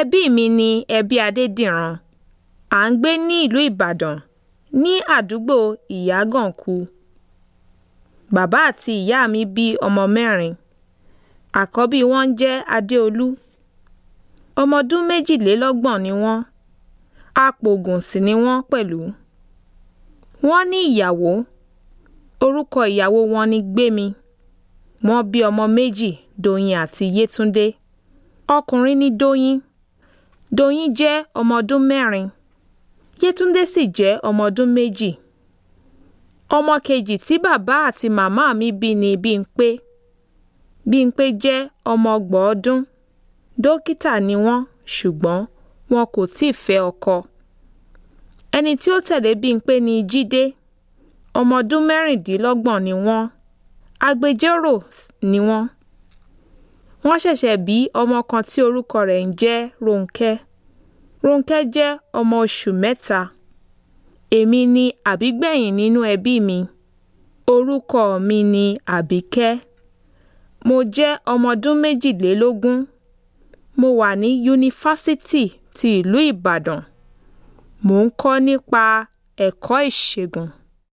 Ẹbí mi ni ẹbí Adédìran. À ń gbé ní ìlú Ìbàdàn, ní àdúgbò Ìyágànkù. Bàbá àti ìyá mi bí ọmọ mẹ́rin. Àkọ́bí wọn jẹ́ Adéolú. Ọmọdún méjìlélọ́gbọ̀n ni wọ́n. Apògùn sì ni wọ́n pẹ̀lú. Wọ́n ní ìyàwó. Orúkọ ìyàwó wọn ni Gbémi. Wọ́n bí ọmọ méjì, Doyin àti Yétúndé. Ọkùnrin ni Doyin Doyin jẹ́ ọmọdún mẹ́rin, Yetunde sì jẹ́ ọmọdún méjì. Ọmọ kejì tí bàbá àti màmá mi bí ni Bímpé. Bímpé jẹ́ ọmọ ọgbọ̀ọ́dún, dókítà ni wọ́n ṣùgbọ́n wọn kò tíì fẹ́ ọkọ. Ẹni tí ó tẹ̀lé Bímpé ni Jídé, ọmọdún mẹ́rìndínlọ́gbọ̀n ni wọ́n, agbẹjọ́rò ni wọ́n. Wọ́n ṣẹ̀ṣẹ̀ bí ọmọ kan tí orúkọ rẹ̀ ń jẹ́ Rónkẹ́. Ronke jẹ́ ọmọ oṣù mẹ́ta, èmi ni àbígbẹ̀yìn nínú ẹbí mi, orúkọ mi ni Àbíkẹ́, mo jẹ́ ọmọdún méjìlélógún, mo wà ní Yunifásítì ti ìlú Ìbàdàn, mò ń kọ́ nípa ẹ̀kọ́ ìṣègùn.